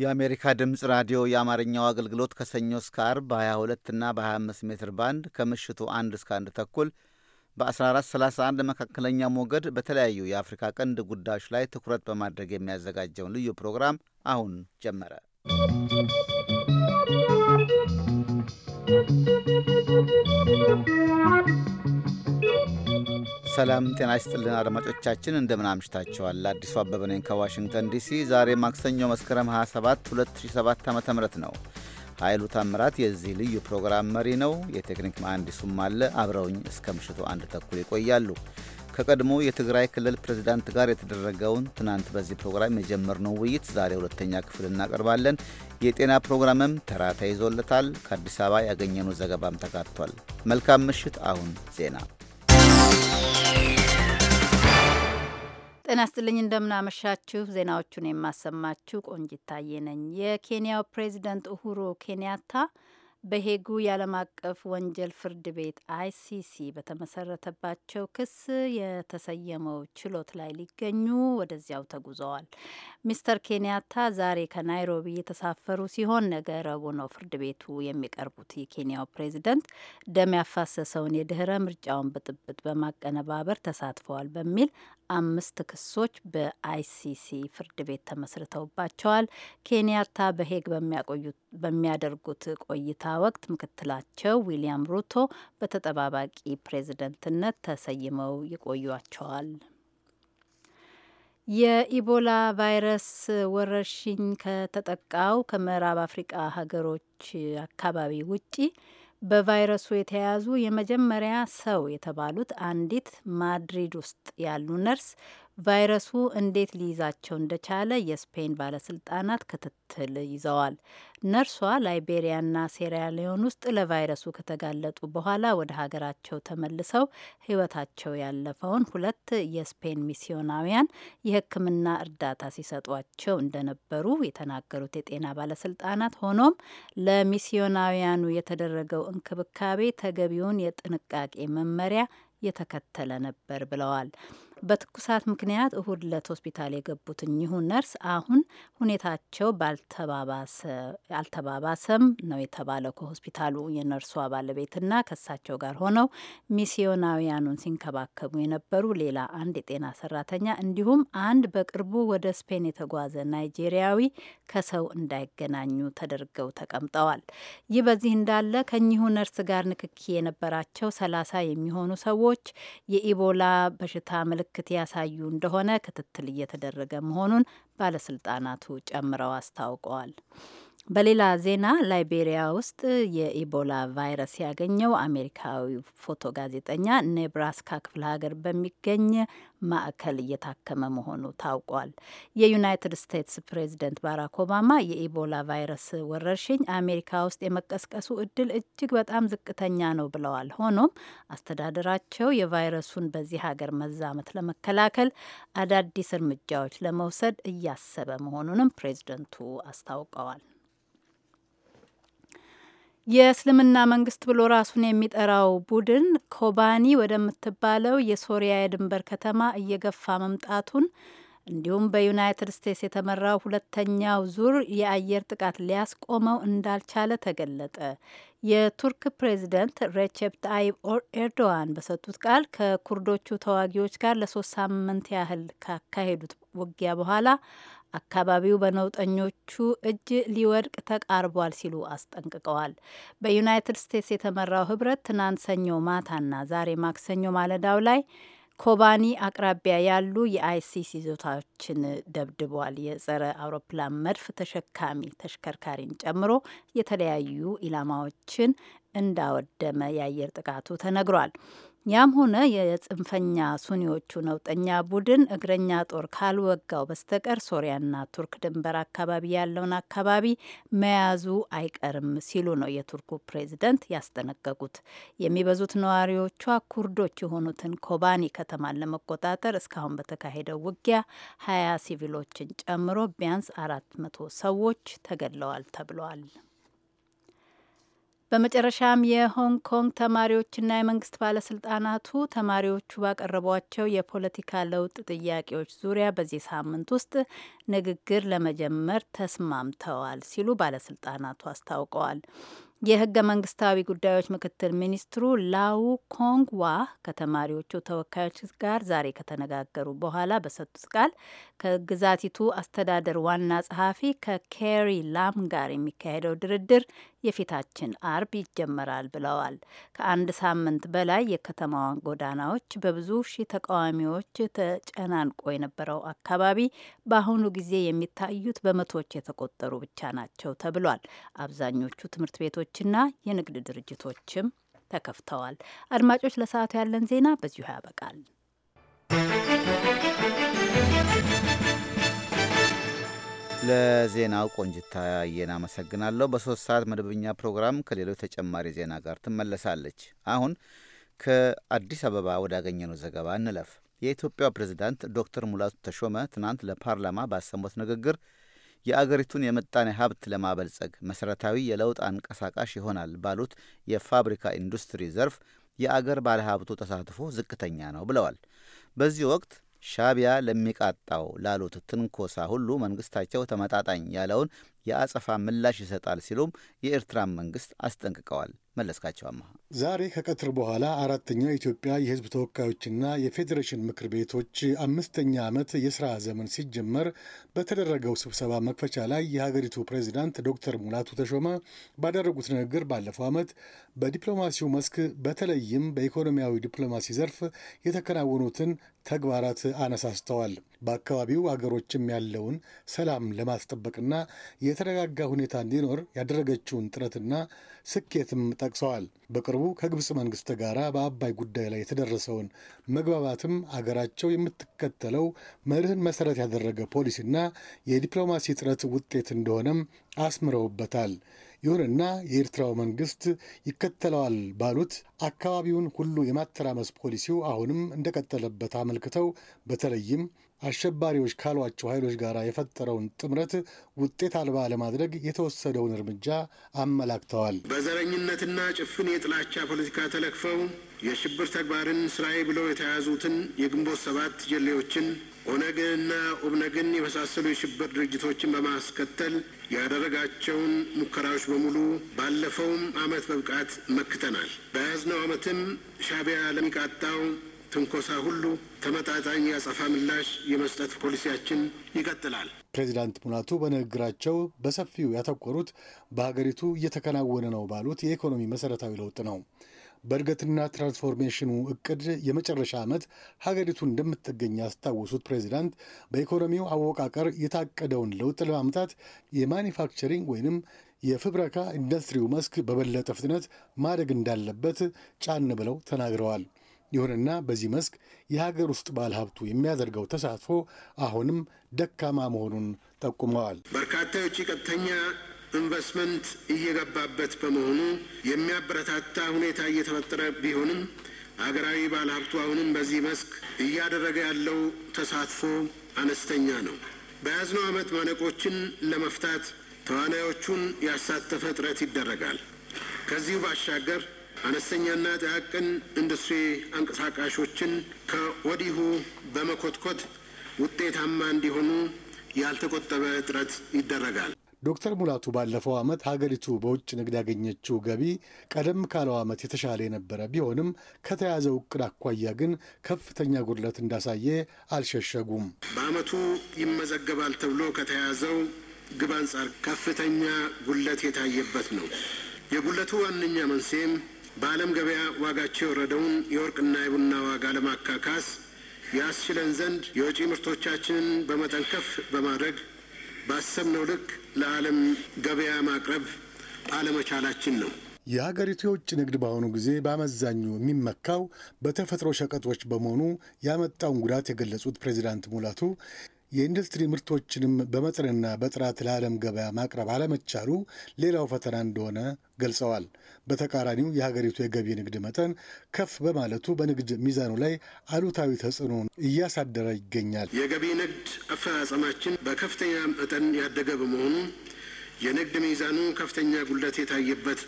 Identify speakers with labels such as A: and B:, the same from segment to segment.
A: የአሜሪካ ድምፅ ራዲዮ የአማርኛው አገልግሎት ከሰኞ እስከ አርብ በ22 እና በ25 ሜትር ባንድ ከምሽቱ አንድ እስከ አንድ ተኩል በ1431 መካከለኛ ሞገድ በተለያዩ የአፍሪካ ቀንድ ጉዳዮች ላይ ትኩረት በማድረግ የሚያዘጋጀውን ልዩ ፕሮግራም አሁን ጀመረ። ¶¶ ሰላም ጤና ይስጥልን አድማጮቻችን፣ እንደምን አምሽታችኋል? አዲሱ አበበ ነኝ ከዋሽንግተን ዲሲ። ዛሬ ማክሰኞ መስከረም 27 2007 ዓ ም ነው። ኃይሉ ታምራት የዚህ ልዩ ፕሮግራም መሪ ነው። የቴክኒክ መሐንዲሱም አለ። አብረውኝ እስከ ምሽቱ አንድ ተኩል ይቆያሉ። ከቀድሞ የትግራይ ክልል ፕሬዚዳንት ጋር የተደረገውን ትናንት በዚህ ፕሮግራም የጀመርነው ውይይት ዛሬ ሁለተኛ ክፍል እናቀርባለን። የጤና ፕሮግራምም ተራ ተይዞለታል። ከአዲስ አበባ ያገኘነው ዘገባም ተካቷል። መልካም ምሽት። አሁን ዜና
B: ጤና ይስጥልኝ እንደምናመሻችሁ። ዜናዎቹን የማሰማችሁ ቆንጂት ታዬ ነኝ። የኬንያው ፕሬዚደንት ኡሁሩ ኬንያታ በሄጉ የዓለም አቀፍ ወንጀል ፍርድ ቤት አይሲሲ በተመሰረተባቸው ክስ የተሰየመው ችሎት ላይ ሊገኙ ወደዚያው ተጉዘዋል። ሚስተር ኬንያታ ዛሬ ከናይሮቢ የተሳፈሩ ሲሆን ነገ ረቡዕ ነው ፍርድ ቤቱ የሚቀርቡት። የኬንያው ፕሬዚደንት ደም ያፋሰሰውን የድህረ ምርጫውን ብጥብጥ በማቀነባበር ተሳትፈዋል በሚል አምስት ክሶች በአይሲሲ ፍርድ ቤት ተመስርተውባቸዋል። ኬንያታ በሄግ በሚያደርጉት ቆይታ ወቅት ምክትላቸው ዊሊያም ሩቶ በተጠባባቂ ፕሬዝደንትነት ተሰይመው ይቆዩቸዋል። የኢቦላ ቫይረስ ወረርሽኝ ከተጠቃው ከምዕራብ አፍሪቃ ሀገሮች አካባቢ ውጪ በቫይረሱ የተያዙ የመጀመሪያ ሰው የተባሉት አንዲት ማድሪድ ውስጥ ያሉ ነርስ ቫይረሱ እንዴት ሊይዛቸው እንደቻለ የስፔን ባለስልጣናት ክትትል ይዘዋል። ነርሷ ላይቤሪያና ሴራሊዮን ውስጥ ለቫይረሱ ከተጋለጡ በኋላ ወደ ሀገራቸው ተመልሰው ሕይወታቸው ያለፈውን ሁለት የስፔን ሚስዮናውያን የሕክምና እርዳታ ሲሰጧቸው እንደነበሩ የተናገሩት የጤና ባለስልጣናት፣ ሆኖም ለሚስዮናውያኑ የተደረገው እንክብካቤ ተገቢውን የጥንቃቄ መመሪያ የተከተለ ነበር ብለዋል። በትኩሳት ምክንያት እሁድ ለት ሆስፒታል የገቡት እኚሁ ነርስ አሁን ሁኔታቸው አልተባባሰም ነው የተባለው። ከሆስፒታሉ የነርሷ ባለቤትና ከሳቸው ጋር ሆነው ሚስዮናውያኑን ሲንከባከቡ የነበሩ ሌላ አንድ የጤና ሰራተኛ እንዲሁም አንድ በቅርቡ ወደ ስፔን የተጓዘ ናይጄሪያዊ ከሰው እንዳይገናኙ ተደርገው ተቀምጠዋል። ይህ በዚህ እንዳለ ከኚሁ ነርስ ጋር ንክኪ የነበራቸው ሰላሳ የሚሆኑ ሰዎች የኢቦላ በሽታ ምልክት ምልክት ያሳዩ እንደሆነ ክትትል እየተደረገ መሆኑን ባለስልጣናቱ ጨምረው አስታውቀዋል። በሌላ ዜና ላይቤሪያ ውስጥ የኢቦላ ቫይረስ ያገኘው አሜሪካዊ ፎቶ ጋዜጠኛ ኔብራስካ ክፍለ ሀገር በሚገኝ ማዕከል እየታከመ መሆኑ ታውቋል። የዩናይትድ ስቴትስ ፕሬዚደንት ባራክ ኦባማ የኢቦላ ቫይረስ ወረርሽኝ አሜሪካ ውስጥ የመቀስቀሱ እድል እጅግ በጣም ዝቅተኛ ነው ብለዋል። ሆኖም አስተዳደራቸው የቫይረሱን በዚህ ሀገር መዛመት ለመከላከል አዳዲስ እርምጃዎች ለመውሰድ እያሰበ መሆኑንም ፕሬዚደንቱ አስታውቀዋል። የእስልምና መንግስት ብሎ ራሱን የሚጠራው ቡድን ኮባኒ ወደምትባለው የሶሪያ የድንበር ከተማ እየገፋ መምጣቱን እንዲሁም በዩናይትድ ስቴትስ የተመራው ሁለተኛው ዙር የአየር ጥቃት ሊያስቆመው እንዳልቻለ ተገለጠ። የቱርክ ፕሬዚደንት ሬቼፕ ጣይብ ኤርዶዋን በሰጡት ቃል ከኩርዶቹ ተዋጊዎች ጋር ለሶስት ሳምንት ያህል ካካሄዱት ውጊያ በኋላ አካባቢው በነውጠኞቹ እጅ ሊወድቅ ተቃርቧል ሲሉ አስጠንቅቀዋል። በዩናይትድ ስቴትስ የተመራው ህብረት ትናንት ሰኞ ማታና ዛሬ ማክሰኞ ማለዳው ላይ ኮባኒ አቅራቢያ ያሉ የአይሲስ ይዞታዎችን ደብድቧል። የጸረ አውሮፕላን መድፍ ተሸካሚ ተሽከርካሪን ጨምሮ የተለያዩ ኢላማዎችን እንዳወደመ የአየር ጥቃቱ ተነግሯል። ያም ሆነ የጽንፈኛ ሱኒዎቹ ነውጠኛ ቡድን እግረኛ ጦር ካልወጋው በስተቀር ሶሪያና ቱርክ ድንበር አካባቢ ያለውን አካባቢ መያዙ አይቀርም ሲሉ ነው የቱርኩ ፕሬዚደንት ያስጠነቀቁት። የሚበዙት ነዋሪዎቿ ኩርዶች የሆኑትን ኮባኒ ከተማን ለመቆጣጠር እስካሁን በተካሄደው ውጊያ ሀያ ሲቪሎችን ጨምሮ ቢያንስ አራት መቶ ሰዎች ተገድለዋል ተብለዋል። በመጨረሻም የሆንግ ኮንግ ተማሪዎችና የመንግስት ባለስልጣናቱ ተማሪዎቹ ባቀረቧቸው የፖለቲካ ለውጥ ጥያቄዎች ዙሪያ በዚህ ሳምንት ውስጥ ንግግር ለመጀመር ተስማምተዋል ሲሉ ባለስልጣናቱ አስታውቀዋል። የህገ መንግስታዊ ጉዳዮች ምክትል ሚኒስትሩ ላው ኮንግ ዋ ከተማሪዎቹ ተወካዮች ጋር ዛሬ ከተነጋገሩ በኋላ በሰጡት ቃል ከግዛቲቱ አስተዳደር ዋና ጸሐፊ ከኬሪ ላም ጋር የሚካሄደው ድርድር የፊታችን አርብ ይጀመራል ብለዋል። ከአንድ ሳምንት በላይ የከተማዋን ጎዳናዎች በብዙ ሺህ ተቃዋሚዎች ተጨናንቆ የነበረው አካባቢ በአሁኑ ጊዜ የሚታዩት በመቶዎች የተቆጠሩ ብቻ ናቸው ተብሏል። አብዛኞቹ ትምህርት ቤቶችና የንግድ ድርጅቶችም ተከፍተዋል። አድማጮች፣ ለሰዓቱ ያለን ዜና በዚሁ ያበቃል።
A: ለዜናው ቆንጅታ የን አመሰግናለሁ። በሶስት ሰዓት መደበኛ ፕሮግራም ከሌሎች ተጨማሪ ዜና ጋር ትመለሳለች። አሁን ከአዲስ አበባ ወዳገኘነው ዘገባ እንለፍ። የኢትዮጵያ ፕሬዝዳንት ዶክተር ሙላቱ ተሾመ ትናንት ለፓርላማ ባሰሙት ንግግር የአገሪቱን የምጣኔ ሀብት ለማበልጸግ መሠረታዊ የለውጥ አንቀሳቃሽ ይሆናል ባሉት የፋብሪካ ኢንዱስትሪ ዘርፍ የአገር ባለሀብቱ ተሳትፎ ዝቅተኛ ነው ብለዋል። በዚህ ወቅት ሻቢያ ለሚቃጣው ላሉት ትንኮሳ ሁሉ መንግስታቸው ተመጣጣኝ ያለውን የአጸፋ ምላሽ ይሰጣል ሲሉም የኤርትራን መንግስት አስጠንቅቀዋል። መለስካቸው አመሃ
C: ዛሬ ከቀትር በኋላ አራተኛው የኢትዮጵያ የሕዝብ ተወካዮችና የፌዴሬሽን ምክር ቤቶች አምስተኛ ዓመት የሥራ ዘመን ሲጀመር በተደረገው ስብሰባ መክፈቻ ላይ የሀገሪቱ ፕሬዚዳንት ዶክተር ሙላቱ ተሾመ ባደረጉት ንግግር ባለፈው ዓመት በዲፕሎማሲው መስክ በተለይም በኢኮኖሚያዊ ዲፕሎማሲ ዘርፍ የተከናወኑትን ተግባራት አነሳስተዋል። በአካባቢው አገሮችም ያለውን ሰላም ለማስጠበቅና የተረጋጋ ሁኔታ እንዲኖር ያደረገችውን ጥረትና ስኬትም ጠቅሰዋል። በቅርቡ ከግብፅ መንግስት ጋር በአባይ ጉዳይ ላይ የተደረሰውን መግባባትም አገራቸው የምትከተለው መርህን መሰረት ያደረገ ፖሊሲና የዲፕሎማሲ ጥረት ውጤት እንደሆነም አስምረውበታል። ይሁንና የኤርትራው መንግስት ይከተለዋል ባሉት አካባቢውን ሁሉ የማተራመስ ፖሊሲው አሁንም እንደቀጠለበት አመልክተው በተለይም አሸባሪዎች ካሏቸው ኃይሎች ጋር የፈጠረውን ጥምረት ውጤት አልባ ለማድረግ የተወሰደውን እርምጃ አመላክተዋል።
D: በዘረኝነትና ጭፍን የጥላቻ ፖለቲካ ተለክፈው የሽብር ተግባርን ስራዬ ብለው የተያዙትን የግንቦት ሰባት ጀሌዎችን ኦነግንና ኦብነግን የመሳሰሉ የሽብር ድርጅቶችን በማስከተል ያደረጋቸውን ሙከራዎች በሙሉ ባለፈውም አመት በብቃት መክተናል። በያዝነው አመትም ሻቢያ ለሚቃጣው ትንኮሳ ሁሉ ተመጣጣኝ የአጸፋ ምላሽ የመስጠት ፖሊሲያችን ይቀጥላል።
C: ፕሬዚዳንት ሙላቱ በንግግራቸው በሰፊው ያተኮሩት በሀገሪቱ እየተከናወነ ነው ባሉት የኢኮኖሚ መሠረታዊ ለውጥ ነው። በእድገትና ትራንስፎርሜሽኑ እቅድ የመጨረሻ ዓመት ሀገሪቱ እንደምትገኝ ያስታወሱት ፕሬዚዳንት በኢኮኖሚው አወቃቀር የታቀደውን ለውጥ ለማምጣት የማኒፋክቸሪንግ ወይንም የፍብረካ ኢንዱስትሪው መስክ በበለጠ ፍጥነት ማደግ እንዳለበት ጫን ብለው ተናግረዋል። ይሁንና በዚህ መስክ የሀገር ውስጥ ባለሀብቱ ሀብቱ የሚያደርገው ተሳትፎ አሁንም ደካማ መሆኑን ጠቁመዋል። በርካታ
D: የውጭ ቀጥተኛ ኢንቨስትመንት እየገባበት በመሆኑ የሚያበረታታ ሁኔታ እየተፈጠረ ቢሆንም ሀገራዊ ባለሀብቱ ሀብቱ አሁንም በዚህ መስክ እያደረገ ያለው ተሳትፎ አነስተኛ ነው። በያዝነው ዓመት ማነቆችን ለመፍታት ተዋናዮቹን ያሳተፈ ጥረት ይደረጋል። ከዚሁ ባሻገር አነስተኛና ጥቃቅን ኢንዱስትሪ አንቀሳቃሾችን ከወዲሁ በመኮትኮት ውጤታማ እንዲሆኑ ያልተቆጠበ ጥረት
C: ይደረጋል። ዶክተር ሙላቱ ባለፈው ዓመት ሀገሪቱ በውጭ ንግድ ያገኘችው ገቢ ቀደም ካለው ዓመት የተሻለ የነበረ ቢሆንም ከተያዘው እቅድ አኳያ ግን ከፍተኛ ጉድለት እንዳሳየ አልሸሸጉም።
D: በዓመቱ ይመዘገባል ተብሎ ከተያዘው ግብ አንጻር ከፍተኛ ጉድለት የታየበት ነው። የጉድለቱ ዋነኛ መንስኤም በዓለም ገበያ ዋጋቸው የወረደውን የወርቅና የቡና ዋጋ ለማካካስ ያስችለን ዘንድ የወጪ ምርቶቻችንን በመጠን ከፍ በማድረግ ባሰብነው ልክ ለዓለም ገበያ ማቅረብ አለመቻላችን ነው።
C: የሀገሪቱ የውጭ ንግድ በአሁኑ ጊዜ በአመዛኙ የሚመካው በተፈጥሮ ሸቀጦች በመሆኑ ያመጣውን ጉዳት የገለጹት ፕሬዚዳንት ሙላቱ የኢንዱስትሪ ምርቶችንም በመጠንና በጥራት ለዓለም ገበያ ማቅረብ አለመቻሉ ሌላው ፈተና እንደሆነ ገልጸዋል። በተቃራኒው የሀገሪቱ የገቢ ንግድ መጠን ከፍ በማለቱ በንግድ ሚዛኑ ላይ አሉታዊ ተጽዕኖ እያሳደረ ይገኛል።
D: የገቢ ንግድ አፈጻጸማችን በከፍተኛ መጠን ያደገ በመሆኑ የንግድ ሚዛኑ ከፍተኛ ጉድለት የታየበት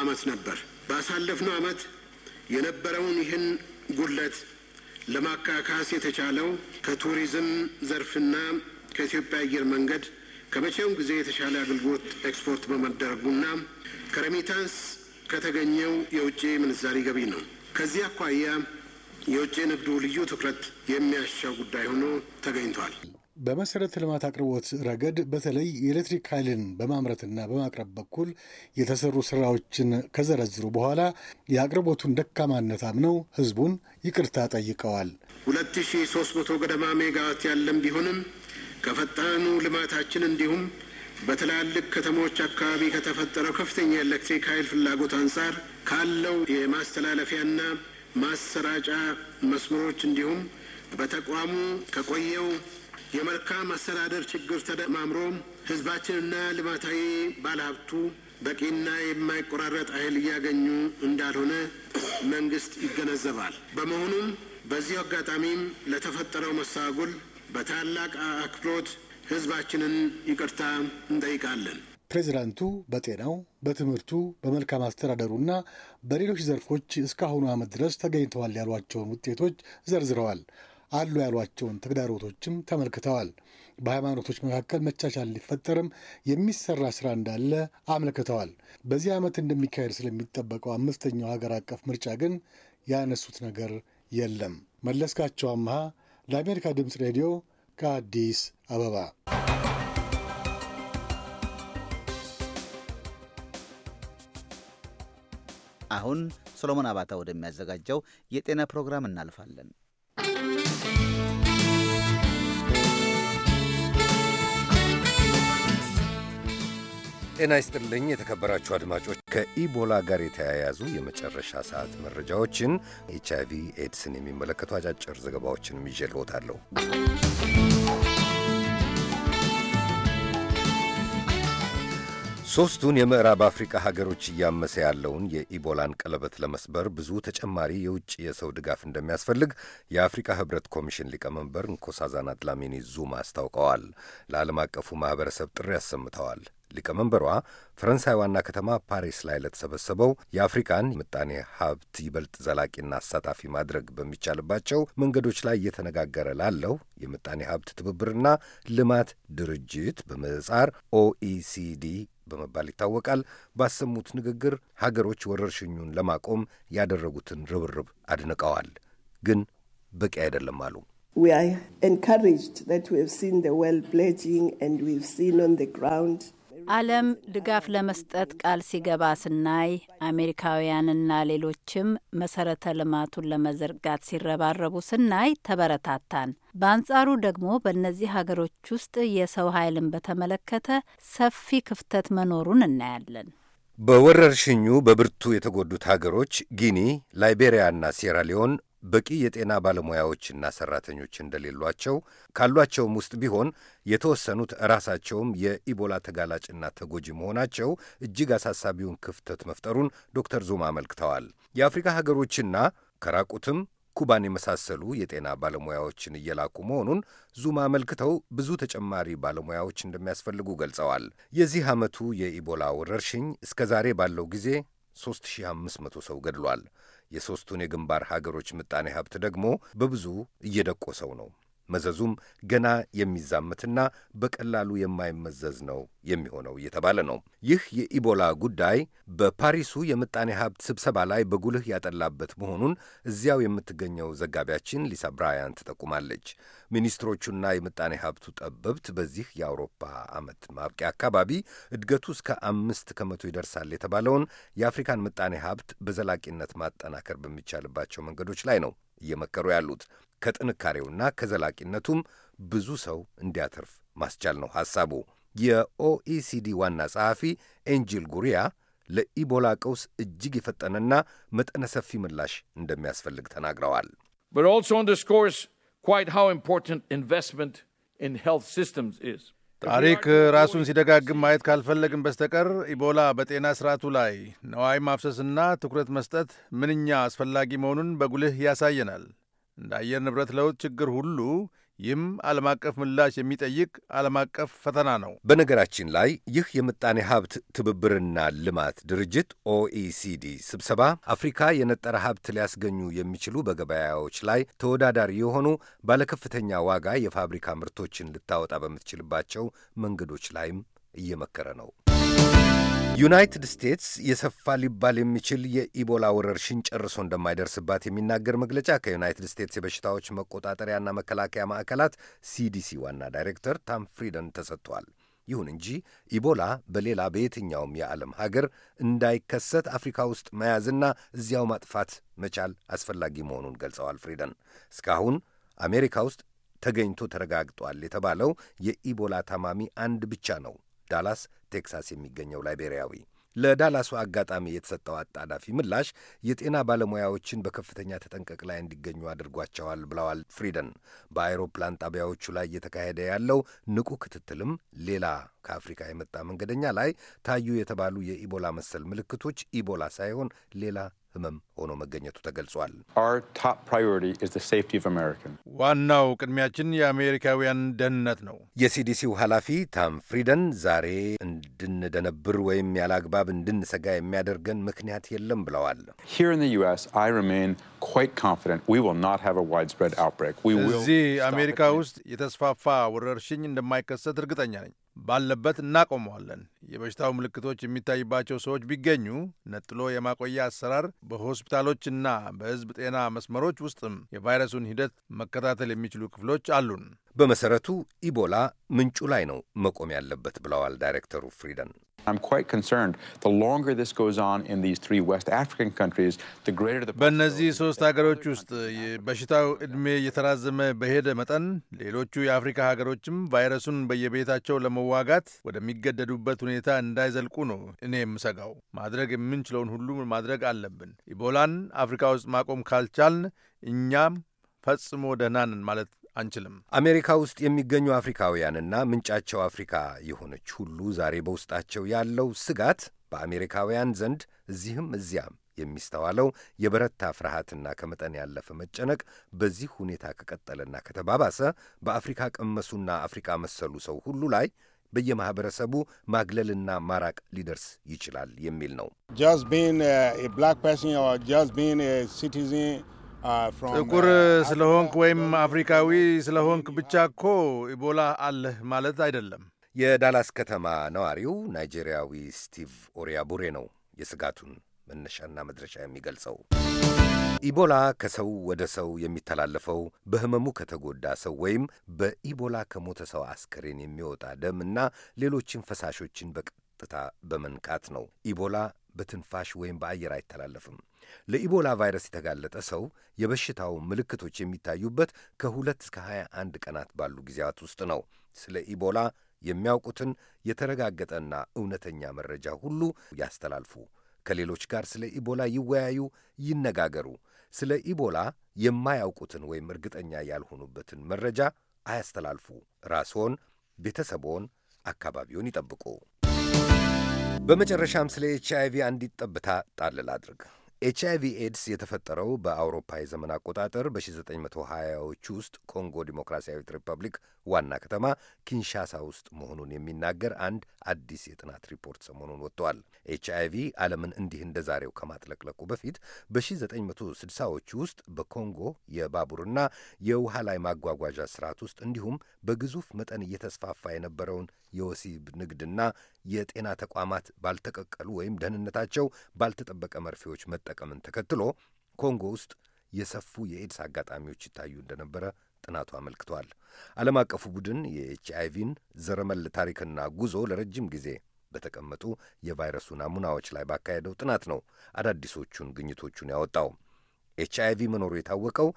D: ዓመት ነበር። ባሳለፍነው ዓመት የነበረውን ይህን ጉድለት ለማካካስ የተቻለው ከቱሪዝም ዘርፍና ከኢትዮጵያ አየር መንገድ ከመቼውም ጊዜ የተሻለ አገልግሎት ኤክስፖርት በመደረጉና ከረሚታንስ ከተገኘው የውጭ ምንዛሪ ገቢ ነው። ከዚህ አኳያ የውጭ ንግዱ ልዩ ትኩረት የሚያሻው ጉዳይ ሆኖ ተገኝቷል።
C: በመሰረተ ልማት አቅርቦት ረገድ በተለይ የኤሌክትሪክ ኃይልን በማምረትና በማቅረብ በኩል የተሰሩ ስራዎችን ከዘረዝሩ በኋላ የአቅርቦቱን ደካማነት አምነው ህዝቡን ይቅርታ ጠይቀዋል።
D: 2300 ገደማ ሜጋዋት ያለም ቢሆንም ከፈጣኑ ልማታችን እንዲሁም በትላልቅ ከተሞች አካባቢ ከተፈጠረው ከፍተኛ የኤሌክትሪክ ኃይል ፍላጎት አንጻር ካለው የማስተላለፊያና ማሰራጫ መስመሮች እንዲሁም በተቋሙ ከቆየው የመልካም አስተዳደር ችግር ተደማምሮ ህዝባችንና ልማታዊ ባለሀብቱ በቂና የማይቆራረጥ ኃይል እያገኙ እንዳልሆነ መንግስት ይገነዘባል። በመሆኑም በዚህ አጋጣሚም ለተፈጠረው መስተጓጎል በታላቅ አክብሮት ህዝባችንን ይቅርታ እንጠይቃለን።
C: ፕሬዚዳንቱ በጤናው፣ በትምህርቱ፣ በመልካም አስተዳደሩና በሌሎች ዘርፎች እስካሁኑ ዓመት ድረስ ተገኝተዋል ያሏቸውን ውጤቶች ዘርዝረዋል። አሉ ያሏቸውን ተግዳሮቶችም ተመልክተዋል። በሃይማኖቶች መካከል መቻቻል ሊፈጠርም የሚሰራ ስራ እንዳለ አመልክተዋል። በዚህ ዓመት እንደሚካሄድ ስለሚጠበቀው አምስተኛው ሀገር አቀፍ ምርጫ ግን ያነሱት ነገር የለም። መለስካቸው አምሃ ለአሜሪካ ድምፅ ሬዲዮ ከአዲስ አበባ
A: አሁን ሰሎሞን አባታ ወደሚያዘጋጀው የጤና ፕሮግራም እናልፋለን።
E: ጤና ይስጥልኝ የተከበራችሁ አድማጮች። ከኢቦላ ጋር የተያያዙ የመጨረሻ ሰዓት መረጃዎችን፣ ኤች አይቪ ኤድስን የሚመለከቱ አጫጭር ዘገባዎችን ይዤ ልዎታለሁ። ሦስቱን የምዕራብ አፍሪካ ሀገሮች እያመሰ ያለውን የኢቦላን ቀለበት ለመስበር ብዙ ተጨማሪ የውጭ የሰው ድጋፍ እንደሚያስፈልግ የአፍሪካ ሕብረት ኮሚሽን ሊቀመንበር ንኮሳዛና ድላሚኒ ዙማ አስታውቀዋል። ለዓለም አቀፉ ማኅበረሰብ ጥሪ አሰምተዋል። ሊቀመንበሯ ፈረንሳይ ዋና ከተማ ፓሪስ ላይ ለተሰበሰበው የአፍሪካን ምጣኔ ሀብት ይበልጥ ዘላቂና አሳታፊ ማድረግ በሚቻልባቸው መንገዶች ላይ እየተነጋገረ ላለው የምጣኔ ሀብት ትብብርና ልማት ድርጅት በምህጻር ኦኢሲዲ በመባል ይታወቃል። ባሰሙት ንግግር ሀገሮች ወረርሽኙን ለማቆም ያደረጉትን ርብርብ አድንቀዋል። ግን በቂ አይደለም አሉ።
D: We are encouraged that we have seen the world pledging and we've seen on the ground
B: ዓለም ድጋፍ ለመስጠት ቃል ሲገባ ስናይ አሜሪካውያንና ሌሎችም መሰረተ ልማቱን ለመዘርጋት ሲረባረቡ ስናይ ተበረታታን። በአንጻሩ ደግሞ በእነዚህ ሀገሮች ውስጥ የሰው ኃይልን በተመለከተ ሰፊ ክፍተት መኖሩን እናያለን።
E: በወረርሽኙ በብርቱ የተጎዱት ሀገሮች ጊኒ፣ ላይቤሪያና ሴራሊዮን በቂ የጤና ባለሙያዎችና ሰራተኞች እንደሌሏቸው፣ ካሏቸውም ውስጥ ቢሆን የተወሰኑት ራሳቸውም የኢቦላ ተጋላጭና ተጎጂ መሆናቸው እጅግ አሳሳቢውን ክፍተት መፍጠሩን ዶክተር ዙማ አመልክተዋል። የአፍሪካ ሀገሮችና ከራቁትም ኩባን የመሳሰሉ የጤና ባለሙያዎችን እየላኩ መሆኑን ዙማ አመልክተው ብዙ ተጨማሪ ባለሙያዎች እንደሚያስፈልጉ ገልጸዋል። የዚህ ዓመቱ የኢቦላ ወረርሽኝ እስከ ዛሬ ባለው ጊዜ 3500 ሰው ገድሏል። የሦስቱን የግንባር ሀገሮች ምጣኔ ሀብት ደግሞ በብዙ እየደቆሰው ነው። መዘዙም ገና የሚዛመትና በቀላሉ የማይመዘዝ ነው የሚሆነው እየተባለ ነው። ይህ የኢቦላ ጉዳይ በፓሪሱ የምጣኔ ሀብት ስብሰባ ላይ በጉልህ ያጠላበት መሆኑን እዚያው የምትገኘው ዘጋቢያችን ሊሳ ብራያን ትጠቁማለች። ሚኒስትሮቹና የምጣኔ ሀብቱ ጠበብት በዚህ የአውሮፓ ዓመት ማብቂያ አካባቢ እድገቱ እስከ አምስት ከመቶ ይደርሳል የተባለውን የአፍሪካን ምጣኔ ሀብት በዘላቂነት ማጠናከር በሚቻልባቸው መንገዶች ላይ ነው እየመከሩ ያሉት። ከጥንካሬውና ከዘላቂነቱም ብዙ ሰው እንዲያተርፍ ማስቻል ነው ሐሳቡ። የኦኢሲዲ ዋና ጸሐፊ ኤንጂል ጉሪያ ለኢቦላ ቀውስ እጅግ የፈጠነና መጠነ ሰፊ ምላሽ እንደሚያስፈልግ ተናግረዋል። ታሪክ ራሱን ሲደጋግም
F: ማየት ካልፈለግም በስተቀር ኢቦላ በጤና ስርዓቱ ላይ ነዋይ ማፍሰስና ትኩረት መስጠት ምንኛ አስፈላጊ መሆኑን በጉልህ ያሳየናል። እንደ አየር ንብረት ለውጥ ችግር ሁሉ ይህም ዓለም አቀፍ ምላሽ የሚጠይቅ ዓለም አቀፍ ፈተና ነው።
E: በነገራችን ላይ ይህ የምጣኔ ሀብት ትብብርና ልማት ድርጅት ኦኢሲዲ ስብሰባ አፍሪካ የነጠረ ሀብት ሊያስገኙ የሚችሉ በገበያዎች ላይ ተወዳዳሪ የሆኑ ባለከፍተኛ ዋጋ የፋብሪካ ምርቶችን ልታወጣ በምትችልባቸው መንገዶች ላይም እየመከረ ነው። ዩናይትድ ስቴትስ የሰፋ ሊባል የሚችል የኢቦላ ወረርሽኝ ጨርሶ እንደማይደርስባት የሚናገር መግለጫ ከዩናይትድ ስቴትስ የበሽታዎች መቆጣጠሪያና መከላከያ ማዕከላት ሲዲሲ ዋና ዳይሬክተር ታም ፍሪደን ተሰጥቷል። ይሁን እንጂ ኢቦላ በሌላ በየትኛውም የዓለም ሀገር እንዳይከሰት አፍሪካ ውስጥ መያዝና እዚያው ማጥፋት መቻል አስፈላጊ መሆኑን ገልጸዋል። ፍሪደን እስካሁን አሜሪካ ውስጥ ተገኝቶ ተረጋግጧል የተባለው የኢቦላ ታማሚ አንድ ብቻ ነው። ዳላስ ቴክሳስ የሚገኘው ላይቤሪያዊ ለዳላሱ አጋጣሚ የተሰጠው አጣዳፊ ምላሽ የጤና ባለሙያዎችን በከፍተኛ ተጠንቀቅ ላይ እንዲገኙ አድርጓቸዋል ብለዋል ፍሪደን። በአይሮፕላን ጣቢያዎቹ ላይ እየተካሄደ ያለው ንቁ ክትትልም ሌላ ከአፍሪካ የመጣ መንገደኛ ላይ ታዩ የተባሉ የኢቦላ መሰል ምልክቶች ኢቦላ ሳይሆን ሌላ ህመም ሆኖ መገኘቱ ተገልጿል። ዋናው ቅድሚያችን የአሜሪካውያን ደህንነት ነው። የሲዲሲው ኃላፊ ታም ፍሪደን ዛሬ እንድንደነብር ወይም ያለ አግባብ እንድንሰጋ የሚያደርገን ምክንያት የለም ብለዋል።
F: እዚህ አሜሪካ ውስጥ የተስፋፋ ወረርሽኝ እንደማይከሰት እርግጠኛ ነኝ። ባለበት እናቆመዋለን። የበሽታው ምልክቶች የሚታይባቸው ሰዎች ቢገኙ ነጥሎ የማቆያ አሰራር በሆስፒታሎችና በሕዝብ ጤና መስመሮች ውስጥም የቫይረሱን ሂደት መከታተል የሚችሉ
E: ክፍሎች አሉን። በመሠረቱ ኢቦላ ምንጩ ላይ ነው መቆም ያለበት ብለዋል ዳይሬክተሩ ፍሪደን። I'm quite concerned. The longer this goes on in these three West African countries,
F: the greater the በእነዚህ ሶስት ሀገሮች ውስጥ በሽታው ዕድሜ እየተራዘመ በሄደ መጠን ሌሎቹ የአፍሪካ ሀገሮችም ቫይረሱን በየቤታቸው ለመዋጋት ወደሚገደዱበት ሁኔታ እንዳይዘልቁ ነው እኔ የምሰጋው። ማድረግ የምንችለውን ሁሉ ማድረግ አለብን። ኢቦላን አፍሪካ ውስጥ ማቆም ካልቻልን እኛም ፈጽሞ ደህና ነን ማለት አንችልም።
E: አሜሪካ ውስጥ የሚገኙ አፍሪካውያንና ምንጫቸው አፍሪካ የሆነች ሁሉ ዛሬ በውስጣቸው ያለው ስጋት በአሜሪካውያን ዘንድ እዚህም እዚያም የሚስተዋለው የበረታ ፍርሃትና ከመጠን ያለፈ መጨነቅ በዚህ ሁኔታ ከቀጠለና ከተባባሰ በአፍሪካ ቀመሱና አፍሪካ መሰሉ ሰው ሁሉ ላይ በየማህበረሰቡ ማግለልና ማራቅ ሊደርስ ይችላል የሚል ነው። Uh, ጥቁር
F: uh, ስለሆንክ ወይም አፍሪካዊ ስለሆንክ ብቻ እኮ ኢቦላ አለህ ማለት አይደለም።
E: የዳላስ ከተማ ነዋሪው ናይጄሪያዊ ስቲቭ ኦሪያቡሬ ነው የስጋቱን መነሻና መድረሻ የሚገልጸው። ኢቦላ ከሰው ወደ ሰው የሚተላለፈው በህመሙ ከተጎዳ ሰው ወይም በኢቦላ ከሞተ ሰው አስከሬን የሚወጣ ደም እና ሌሎችን ፈሳሾችን በቀጥታ በመንካት ነው። ኢቦላ በትንፋሽ ወይም በአየር አይተላለፍም። ለኢቦላ ቫይረስ የተጋለጠ ሰው የበሽታው ምልክቶች የሚታዩበት ከሁለት እስከ 21 ቀናት ባሉ ጊዜያት ውስጥ ነው። ስለ ኢቦላ የሚያውቁትን የተረጋገጠና እውነተኛ መረጃ ሁሉ ያስተላልፉ። ከሌሎች ጋር ስለ ኢቦላ ይወያዩ፣ ይነጋገሩ። ስለ ኢቦላ የማያውቁትን ወይም እርግጠኛ ያልሆኑበትን መረጃ አያስተላልፉ። ራስዎን፣ ቤተሰቦን፣ አካባቢውን ይጠብቁ። በመጨረሻም ስለ ኤች ቪ አንዲት ጠብታ ጣልል አድርግ። ኤች አይቪ ኤድስ የተፈጠረው በአውሮፓ የዘመን አቆጣጠር በ1920ዎቹ ውስጥ ኮንጎ ዲሞክራሲያዊት ሪፐብሊክ ዋና ከተማ ኪንሻሳ ውስጥ መሆኑን የሚናገር አንድ አዲስ የጥናት ሪፖርት ሰሞኑን ወጥቷል። ኤች አይቪ ዓለምን እንዲህ እንደ ዛሬው ከማጥለቅለቁ በፊት በ1960ዎቹ ውስጥ በኮንጎ የባቡርና የውሃ ላይ ማጓጓዣ ስርዓት ውስጥ እንዲሁም በግዙፍ መጠን እየተስፋፋ የነበረውን የወሲብ ንግድና የጤና ተቋማት ባልተቀቀሉ ወይም ደህንነታቸው ባልተጠበቀ መርፌዎች መጠቀምን ተከትሎ ኮንጎ ውስጥ የሰፉ የኤድስ አጋጣሚዎች ይታዩ እንደነበረ ጥናቱ አመልክቷል። ዓለም አቀፉ ቡድን የኤች አይቪን ዘረመል ታሪክና ጉዞ ለረጅም ጊዜ በተቀመጡ የቫይረሱ ናሙናዎች ላይ ባካሄደው ጥናት ነው አዳዲሶቹን ግኝቶቹን ያወጣው። ኤች አይቪ መኖሩ የታወቀው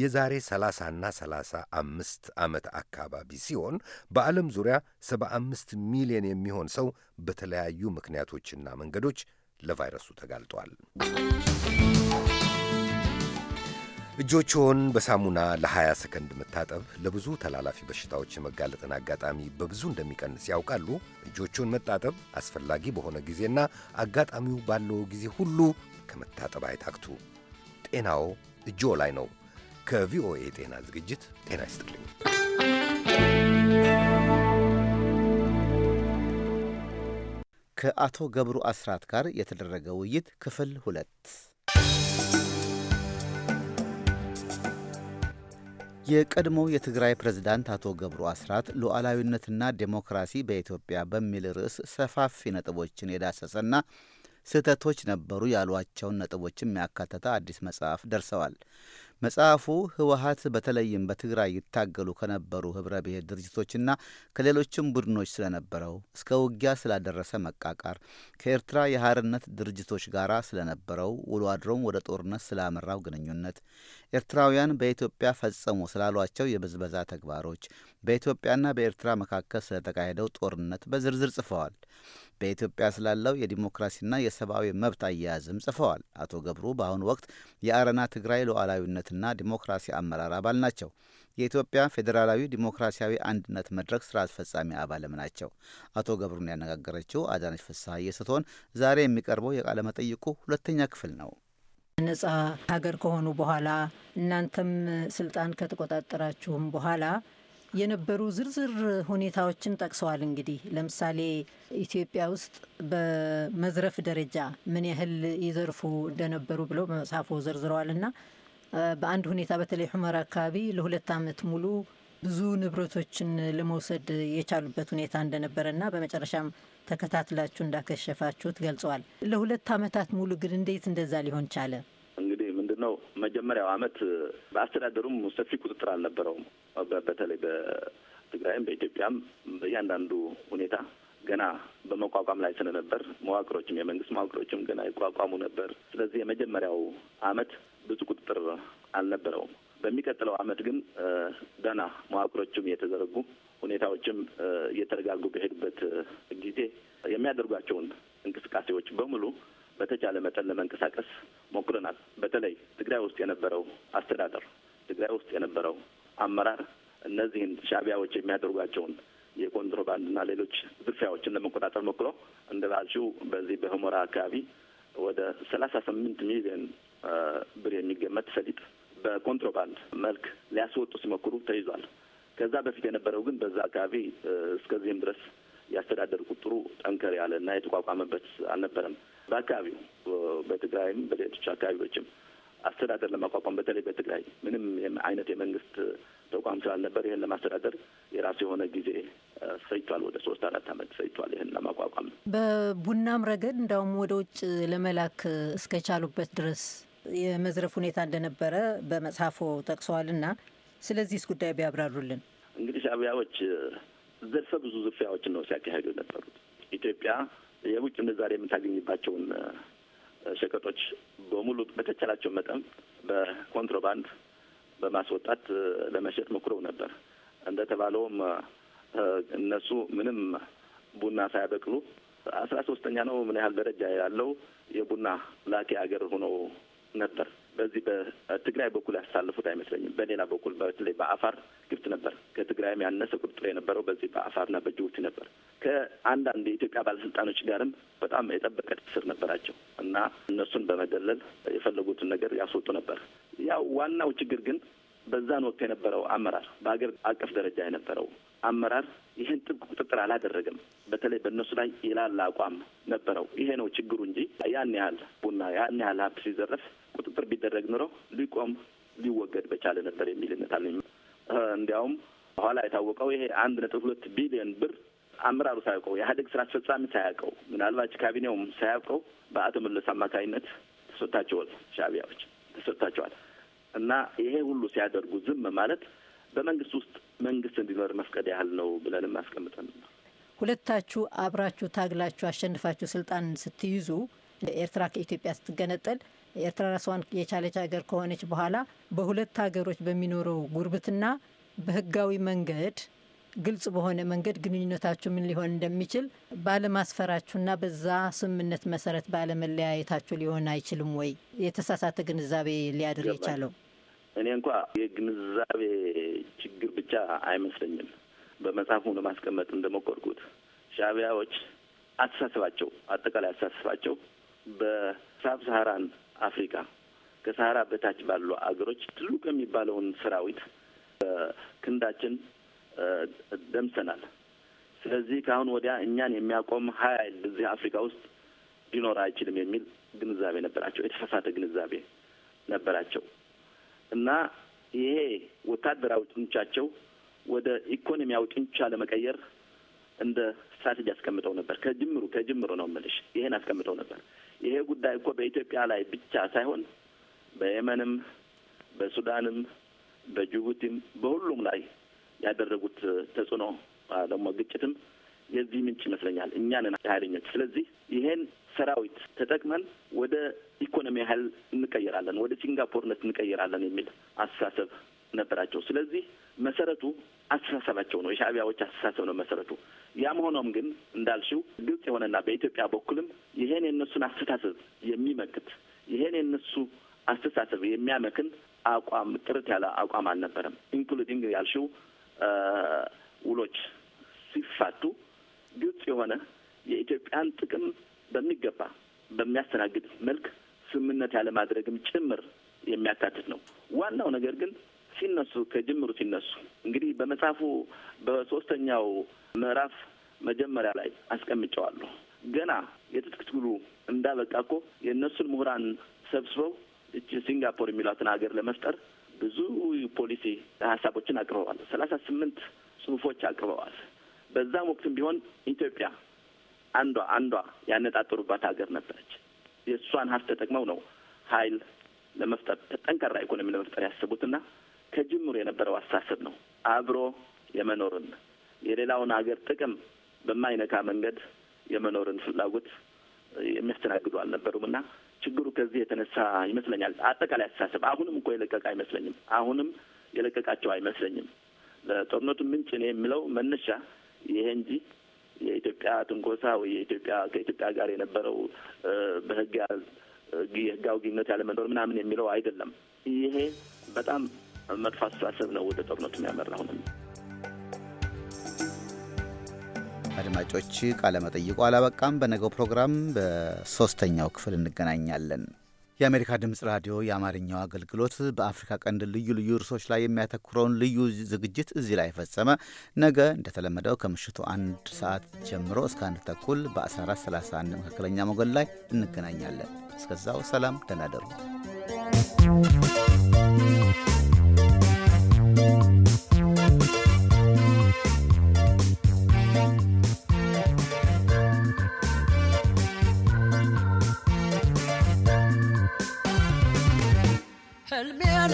E: የዛሬ 30ና 35 ዓመት አካባቢ ሲሆን በዓለም ዙሪያ 75 ሚሊዮን የሚሆን ሰው በተለያዩ ምክንያቶችና መንገዶች ለቫይረሱ ተጋልጧል። እጆችዎን በሳሙና ለ20 ሰከንድ መታጠብ ለብዙ ተላላፊ በሽታዎች የመጋለጥን አጋጣሚ በብዙ እንደሚቀንስ ያውቃሉ? እጆችዎን መታጠብ አስፈላጊ በሆነ ጊዜና አጋጣሚው ባለው ጊዜ ሁሉ ከመታጠብ አይታክቱ። ጤናው እጆ ላይ ነው። ከቪኦኤ ጤና ዝግጅት ጤና ይስጥልኝ።
A: ከአቶ ገብሩ አስራት ጋር የተደረገ ውይይት ክፍል ሁለት የቀድሞው የትግራይ ፕሬዝዳንት አቶ ገብሩ አስራት ሉዓላዊነትና ዴሞክራሲ በኢትዮጵያ በሚል ርዕስ ሰፋፊ ነጥቦችን የዳሰሰና ስህተቶች ነበሩ ያሏቸውን ነጥቦችም ያካተተ አዲስ መጽሐፍ ደርሰዋል። መጽሐፉ ህወሀት በተለይም በትግራይ ይታገሉ ከነበሩ ህብረ ብሔር ድርጅቶችና ከሌሎችም ቡድኖች ስለነበረው እስከ ውጊያ ስላደረሰ መቃቃር ከኤርትራ የሀርነት ድርጅቶች ጋር ስለነበረው ውሎ አድሮም ወደ ጦርነት ስላመራው ግንኙነት ኤርትራውያን በኢትዮጵያ ፈጸሙ ስላሏቸው የብዝበዛ ተግባሮች በኢትዮጵያና በኤርትራ መካከል ስለተካሄደው ጦርነት በዝርዝር ጽፈዋል። በኢትዮጵያ ስላለው የዲሞክራሲና የሰብአዊ መብት አያያዝም ጽፈዋል። አቶ ገብሩ በአሁኑ ወቅት የአረና ትግራይ ሉዓላዊነትና ዲሞክራሲ አመራር አባል ናቸው። የኢትዮጵያ ፌዴራላዊ ዲሞክራሲያዊ አንድነት መድረክ ስራ አስፈጻሚ አባልም ናቸው። አቶ ገብሩን ያነጋገረችው አዳነች ፍስሐዬ ስትሆን ዛሬ የሚቀርበው የቃለ መጠይቁ ሁለተኛ ክፍል ነው።
G: ነጻ ሀገር ከሆኑ በኋላ እናንተም ስልጣን ከተቆጣጠራችሁም በኋላ የነበሩ ዝርዝር ሁኔታዎችን ጠቅሰዋል። እንግዲህ ለምሳሌ ኢትዮጵያ ውስጥ በመዝረፍ ደረጃ ምን ያህል ይዘርፉ እንደነበሩ ብለው በመጽሐፎ ዘርዝረዋል እና በአንድ ሁኔታ በተለይ ሑመራ አካባቢ ለሁለት ዓመት ሙሉ ብዙ ንብረቶችን ለመውሰድ የቻሉበት ሁኔታ እንደነበረ እና በመጨረሻም ተከታትላችሁ እንዳከሸፋችሁት ገልጸዋል። ለሁለት ዓመታት ሙሉ ግን እንዴት እንደዛ ሊሆን ቻለ?
H: ነው መጀመሪያው አመት በአስተዳደሩም ሰፊ ቁጥጥር አልነበረውም። በተለይ በትግራይም በኢትዮጵያም እያንዳንዱ ሁኔታ ገና በመቋቋም ላይ ስለነበር መዋቅሮችም የመንግስት መዋቅሮችም ገና ይቋቋሙ ነበር። ስለዚህ የመጀመሪያው አመት ብዙ ቁጥጥር አልነበረውም። በሚቀጥለው አመት ግን ገና መዋቅሮችም እየተዘረጉ ሁኔታዎችም እየተረጋጉ በሄዱበት ጊዜ የሚያደርጓቸውን እንቅስቃሴዎች በሙሉ በተቻለ መጠን ለመንቀሳቀስ ሞክረናል። በተለይ ትግራይ ውስጥ የነበረው አስተዳደር፣ ትግራይ ውስጥ የነበረው አመራር እነዚህን ሻቢያዎች የሚያደርጓቸውን የኮንትሮባንድና ሌሎች ዝርፊያዎችን ለመቆጣጠር ሞክሮ እንደ በዚህ በሁመራ አካባቢ ወደ ሰላሳ ስምንት ሚሊዮን ብር የሚገመት ሰሊጥ በኮንትሮባንድ መልክ ሊያስወጡ ሲሞክሩ ተይዟል። ከዛ በፊት የነበረው ግን በዛ አካባቢ እስከዚህም ድረስ ያስተዳደር ቁጥሩ ጠንከር ያለ እና የተቋቋመበት አልነበረም። በአካባቢው በትግራይም በሌሎች አካባቢዎችም አስተዳደር ለማቋቋም በተለይ በትግራይ ምንም አይነት የመንግስት ተቋም ስላልነበር ይህን ለማስተዳደር የራሱ የሆነ ጊዜ ፈጅቷል። ወደ ሶስት አራት አመት ፈጅቷል ይህን ለማቋቋም።
G: በቡናም ረገድ እንዳውም ወደ ውጭ ለመላክ እስከቻሉበት ድረስ የመዝረፍ ሁኔታ እንደነበረ በመጽሐፎ ጠቅሰዋል። ና ስለዚህ ጉዳይ ቢያብራሩልን።
H: እንግዲህ ሻዕቢያዎች ዘርፈ ብዙ ዝርፊያዎችን ነው ሲያካሄዱ የነበሩት ኢትዮጵያ የውጭ ምንዛሬ የምታገኝባቸውን ሸቀጦች በሙሉ በተቻላቸው መጠን በኮንትሮባንድ በማስወጣት ለመሸጥ ሞክረው ነበር። እንደተባለውም እነሱ ምንም ቡና ሳያበቅሉ አስራ ሶስተኛ ነው ምን ያህል ደረጃ ያለው የቡና ላኪ ሀገር ሆነው ነበር። በዚህ በትግራይ በኩል ያሳልፉት አይመስለኝም። በሌላ በኩል በተለይ በአፋር ግብጽ ነበር። ከትግራይም ያነሰ ቁጥጥር የነበረው በዚህ በአፋርና በጅቡቲ ነበር። ከአንዳንድ የኢትዮጵያ ባለስልጣኖች ጋርም በጣም የጠበቀ ትስስር ነበራቸው እና እነሱን በመደለል የፈለጉትን ነገር ያስወጡ ነበር። ያው ዋናው ችግር ግን በዛን ወቅት የነበረው አመራር በሀገር አቀፍ ደረጃ የነበረው አመራር ይህን ጥብቅ ቁጥጥር አላደረገም። በተለይ በእነሱ ላይ የላላ አቋም ነበረው። ይሄ ነው ችግሩ እንጂ ያን ያህል ቡና ያን ያህል ሀብት ሲዘረፍ ቁጥጥር ቢደረግ ኑረው ሊቆም ሊወገድ በቻለ ነበር የሚል እምነት አለኝ። እንዲያውም በኋላ የታወቀው ይሄ አንድ ነጥብ ሁለት ቢሊዮን ብር አመራሩ ሳያውቀው የኢህአዴግ ስራ አስፈጻሚ ሳያውቀው ምናልባት ካቢኔውም ሳያውቀው በአቶ መለስ አማካኝነት ተሰጥቷቸዋል፣ ሻዕቢያዎች ተሰጥቷቸዋል። እና ይሄ ሁሉ ሲያደርጉ ዝም ማለት በመንግስት ውስጥ መንግስት እንዲኖር መፍቀድ ያህል ነው ብለንም አስቀምጠን
G: ሁለታችሁ አብራችሁ ታግላችሁ አሸንፋችሁ ስልጣን ስትይዙ ኤርትራ ከኢትዮጵያ ስትገነጠል ኤርትራ ራሷን የቻለች ሀገር ከሆነች በኋላ በሁለት ሀገሮች በሚኖረው ጉርብትና በህጋዊ መንገድ ግልጽ በሆነ መንገድ ግንኙነታችሁ ምን ሊሆን እንደሚችል ባለማስፈራችሁና በዛ ስምምነት መሰረት ባለመለያየታችሁ ሊሆን አይችልም ወይ? የተሳሳተ ግንዛቤ ሊያድር የቻለው
H: እኔ እንኳ የግንዛቤ ችግር ብቻ አይመስለኝም። በመጽሐፉ ለማስቀመጥ እንደሞከርኩት ሻቢያዎች አስተሳሰባቸው፣ አጠቃላይ አስተሳሰባቸው በሳብ ሳሃራን አፍሪካ ከሳህራ በታች ባሉ አገሮች ትልቁ የሚባለውን ሰራዊት ክንዳችን ደምሰናል። ስለዚህ ከአሁን ወዲያ እኛን የሚያቆም ኃይል እዚህ አፍሪካ ውስጥ ሊኖር አይችልም የሚል ግንዛቤ ነበራቸው። የተሳሳተ ግንዛቤ ነበራቸው እና ይሄ ወታደራዊ ጡንቻቸው ወደ ኢኮኖሚያዊ ጡንቻ ለመቀየር እንደ ስትራቴጂ አስቀምጠው ነበር። ከጅምሩ ከጅምሩ ነው የምልሽ ይሄን አስቀምጠው ነበር። ይሄ ጉዳይ እኮ በኢትዮጵያ ላይ ብቻ ሳይሆን በየመንም፣ በሱዳንም፣ በጅቡቲም በሁሉም ላይ ያደረጉት ተጽዕኖ ደግሞ ግጭትም የዚህ ምንጭ ይመስለኛል። እኛንን ኃይለኞች። ስለዚህ ይሄን ሰራዊት ተጠቅመን ወደ ኢኮኖሚ ኃይል እንቀይራለን፣ ወደ ሲንጋፖርነት እንቀይራለን የሚል አስተሳሰብ ነበራቸው። ስለዚህ መሰረቱ አስተሳሰባቸው ነው፣ የሻእቢያዎች አስተሳሰብ ነው መሰረቱ። ያም ሆኖም ግን እንዳልሽው ግልጽ የሆነና በኢትዮጵያ በኩልም ይሄን የእነሱን አስተሳሰብ የሚመክት ይሄን የእነሱ አስተሳሰብ የሚያመክን አቋም ጥርት ያለ አቋም አልነበረም። ኢንክሉዲንግ ያልሽው ውሎች ሲፋቱ ግልጽ የሆነ የኢትዮጵያን ጥቅም በሚገባ በሚያስተናግድ መልክ ስምምነት ማድረግም ጭምር የሚያካትት ነው። ዋናው ነገር ግን ሲነሱ ከጅምሩ ሲነሱ እንግዲህ በመጽሐፉ በሶስተኛው ምዕራፍ መጀመሪያ ላይ አስቀምጨዋለሁ። ገና የትጥቅ ትግሉ እንዳበቃ እኮ የእነሱን ምሁራን ሰብስበው እች ሲንጋፖር የሚሏትን ሀገር ለመፍጠር ብዙ ፖሊሲ ሀሳቦችን አቅርበዋል። ሰላሳ ስምንት ጽሁፎች አቅርበዋል። በዛም ወቅትም ቢሆን ኢትዮጵያ አንዷ አንዷ ያነጣጠሩባት ሀገር ነበረች። የእሷን ሀብት ተጠቅመው ነው ሀይል ለመፍጠር ጠንካራ ኢኮኖሚ ለመፍጠር ያስቡትና ከጅምሩ የነበረው አስተሳሰብ ነው። አብሮ የመኖርን የሌላውን ሀገር ጥቅም በማይነካ መንገድ የመኖርን ፍላጎት የሚያስተናግዱ አልነበሩም እና ችግሩ ከዚህ የተነሳ ይመስለኛል አጠቃላይ አስተሳሰብ አሁንም እኮ የለቀቀ አይመስለኝም። አሁንም የለቀቃቸው አይመስለኝም። ለጦርነቱ ምንጭ እኔ የምለው መነሻ ይሄ እንጂ የኢትዮጵያ ትንኮሳ ወይ የኢትዮጵያ ከኢትዮጵያ ጋር የነበረው በህግ የህጋዊ ግንኙነት ያለመኖር ምናምን የሚለው አይደለም። ይሄ በጣም መጥፎ አስተሳሰብ ነው ወደ ጦርነቱ የሚያመራው ነው።
A: አድማጮች ቃለ መጠይቁ አላበቃም። በነገው ፕሮግራም በሶስተኛው ክፍል እንገናኛለን። የአሜሪካ ድምፅ ራዲዮ የአማርኛው አገልግሎት በአፍሪካ ቀንድ ልዩ ልዩ እርሶች ላይ የሚያተኩረውን ልዩ ዝግጅት እዚህ ላይ ፈጸመ። ነገ እንደተለመደው ከምሽቱ አንድ ሰዓት ጀምሮ እስከ አንድ ተኩል በ1431 መካከለኛ ሞገድ ላይ እንገናኛለን። እስከዛው ሰላም፣ ደህና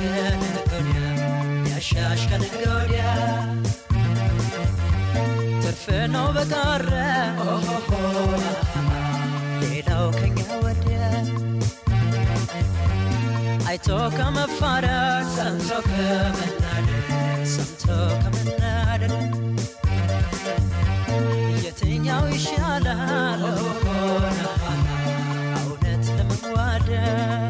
I: ከነገወዲያ ያሻሽ ከነገወዲያ ትርፍ ነው በቀረ ሌላው ከኛ ወዲያ አይቶ ከመፋረቅ ሰምቶ ከመናደድ ሰምቶ ከመናደድ የትኛው ይሻላል እውነት ለመዋደድ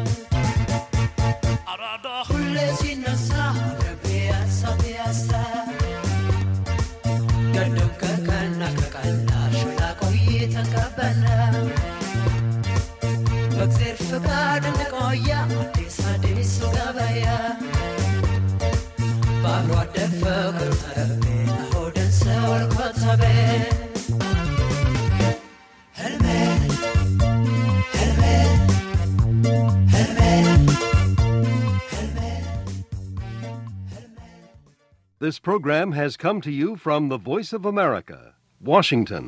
I: በእግዜር ፍቃድ አዲስ አዲሱ ገበያ በአብሮ ተረቤ
E: This program has come to you from the Voice of America, Washington.